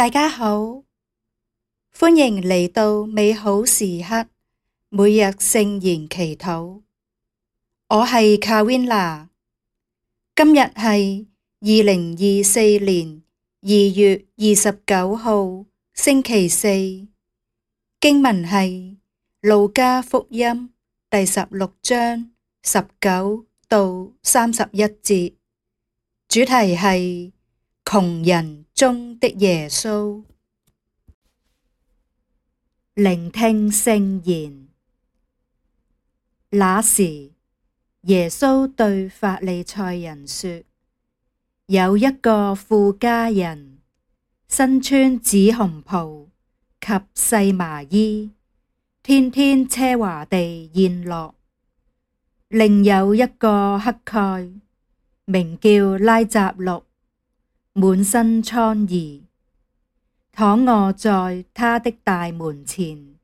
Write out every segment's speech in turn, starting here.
大家好，歡迎嚟到美好時刻，每日聖言祈禱。我係 Kavina，今日係二零二四年二月二十九號星期四，經文係路加福音第十六章十九到三十一節，主題係窮人中的耶穌。聆聽聖言。那時，耶穌對法利塞人說：有一個富家人，身穿紫紅袍及細麻衣，天天奢華地宴樂；另有一個乞丐，名叫拉匝祿。滿身瘡痍，躺臥在他的大門前。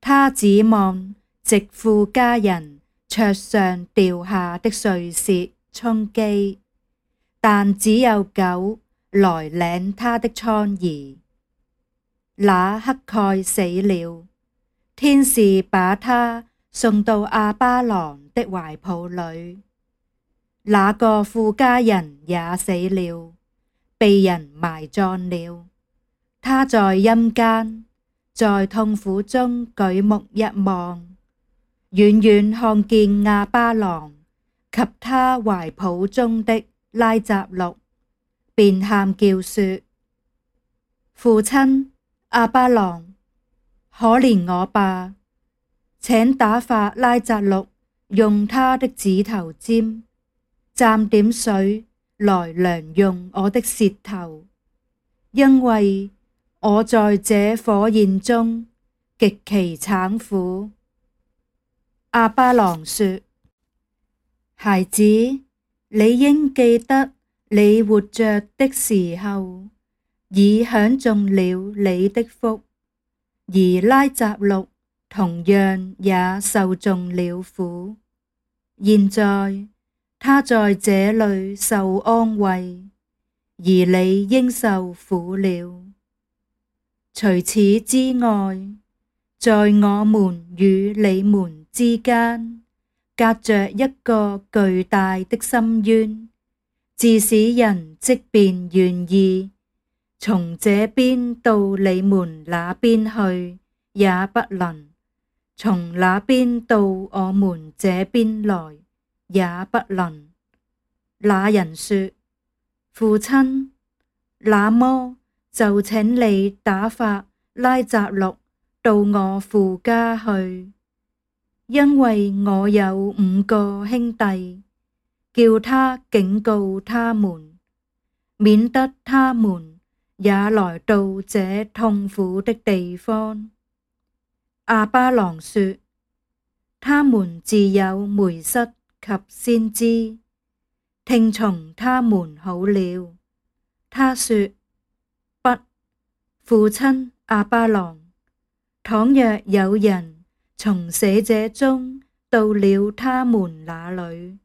他指望藉富家人桌上掉下的碎屑充饑，但只有狗來舐他的瘡痍。那乞丐死了，天使把他送到亞巴郎的懷抱裏。那個富家人也死了。被人埋葬了，他在陰間，在痛苦中舉目一望，遠遠看見亞巴郎及他懷抱中的拉匝祿，便喊叫說：父親亞巴郎，可憐我吧，請打發拉匝祿用他的指頭尖蘸點水。來良用我的舌頭，因為我在這火焰中極其慘苦。阿巴郎說：孩子，你應記得，你活着的時候已享中了你的福，而拉雜六同樣也受中了苦。現在。他在這裏受安慰，而你應受苦了。除此之外，在我們與你們之間隔着一個巨大的深淵，致使人即便願意，從這邊到你們那邊去，也不能從那邊到我們這邊來。也不能。那人說：父親，那麼就請你打發拉匝祿到我父家去，因為我有五個兄弟，叫他警告他們，免得他們也來到這痛苦的地方。亞巴郎說：他們自有梅瑟。及先知，聽從他們好了，他說不，父親亞巴郎，倘若有人從死者中到了他們那裏，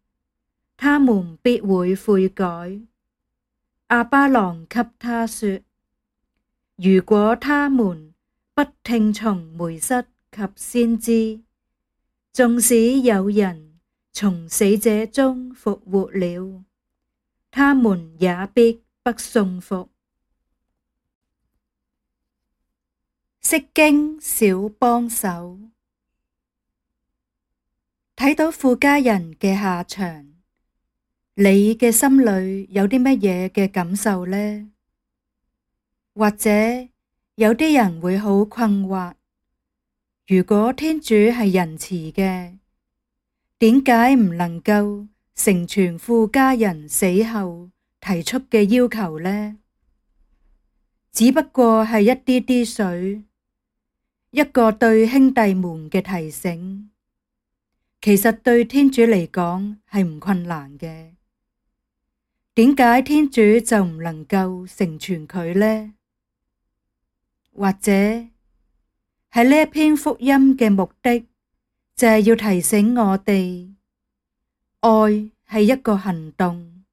他們必會悔改。亞巴郎給他說：如果他們不聽從梅瑟及先知，縱使有人。從死者中復活了，他們也必不信服。釋經小幫手，睇到富家人嘅下場，你嘅心裏有啲乜嘢嘅感受呢？或者有啲人會好困惑，如果天主係仁慈嘅。點解唔能夠成全富家人死後提出嘅要求呢？只不過係一啲啲水，一個對兄弟們嘅提醒。其實對天主嚟講係唔困難嘅。點解天主就唔能夠成全佢呢？或者係呢一篇福音嘅目的，就係要提醒我哋，愛係一個行動，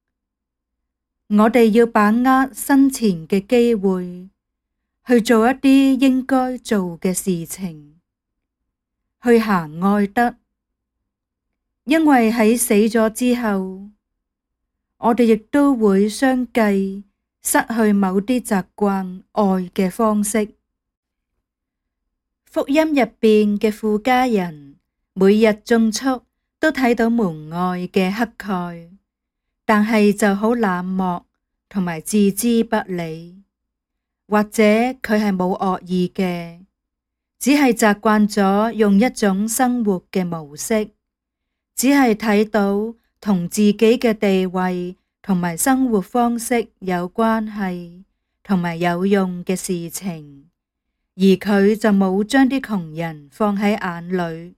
我哋要把握生前嘅機會，去做一啲應該做嘅事情，去行愛德。因為喺死咗之後，我哋亦都會相繼失去某啲習慣愛嘅方式。福音入邊嘅富家人。每日進出都睇到門外嘅乞丐，但係就好冷漠同埋置之不理，或者佢係冇惡意嘅，只係習慣咗用一種生活嘅模式，只係睇到同自己嘅地位、同埋生活方式有關係、同埋有用嘅事情，而佢就冇將啲窮人放喺眼裏。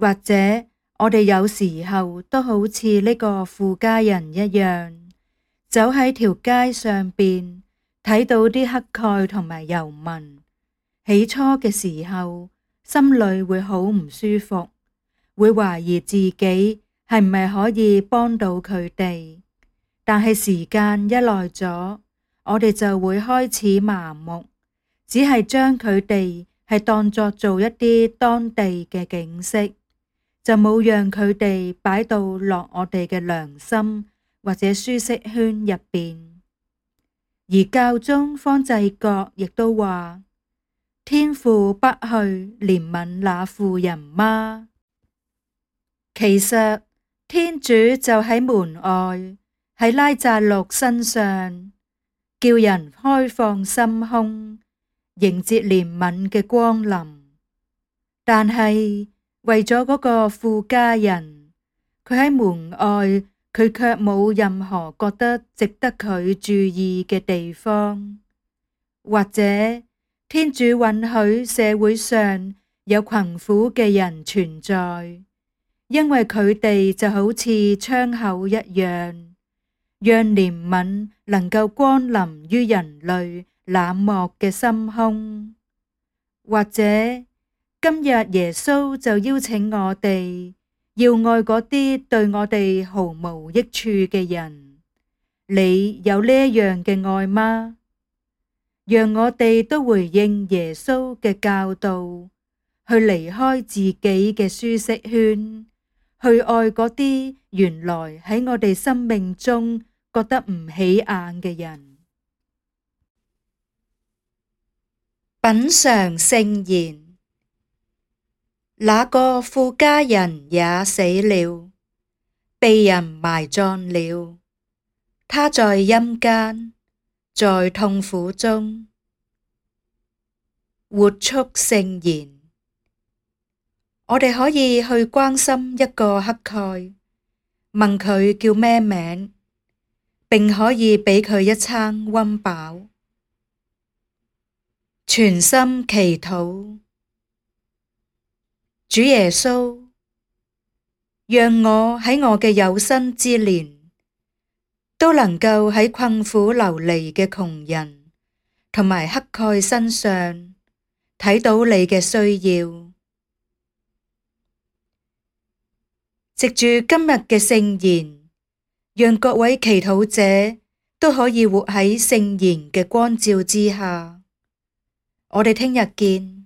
或者我哋有時候都好似呢個富家人一樣，走喺條街上邊，睇到啲乞丐同埋游民，起初嘅時候心裏會好唔舒服，會懷疑自己係唔係可以幫到佢哋。但係時間一耐咗，我哋就會開始麻木，只係將佢哋係當作做一啲當地嘅景色。就冇讓佢哋擺到落我哋嘅良心或者舒適圈入邊，而教宗方濟各亦都話：天父不去憐憫那富人嗎？其實天主就喺門外，喺拉匝祿身上，叫人開放心胸，迎接憐憫嘅光臨，但係，為咗嗰個富家人，佢喺門外，佢卻冇任何覺得值得佢注意嘅地方。或者，天主允許社會上有困苦嘅人存在，因為佢哋就好似窗口一樣，讓憐憫能夠光臨於人類冷漠嘅心胸。或者，今日耶穌就邀請我哋要愛嗰啲對我哋毫無益處嘅人。你有呢樣嘅愛嗎？讓我哋都回應耶穌嘅教導，去離開自己嘅舒適圈，去愛嗰啲原來喺我哋生命中覺得唔起眼嘅人。品嚐聖言。那個富家人也死了，被人埋葬了。他在陰間，在痛苦中。活出聖言。我哋可以去關心一個乞丐，問佢叫咩名，並可以畀佢一餐溫飽，全心祈禱。主耶穌，讓我喺我嘅有生之年都能夠喺困苦流離嘅窮人同埋乞丐身上睇到你嘅需要。藉住今日嘅聖言，讓各位祈禱者都可以活喺聖言嘅光照之下。我哋聽日見。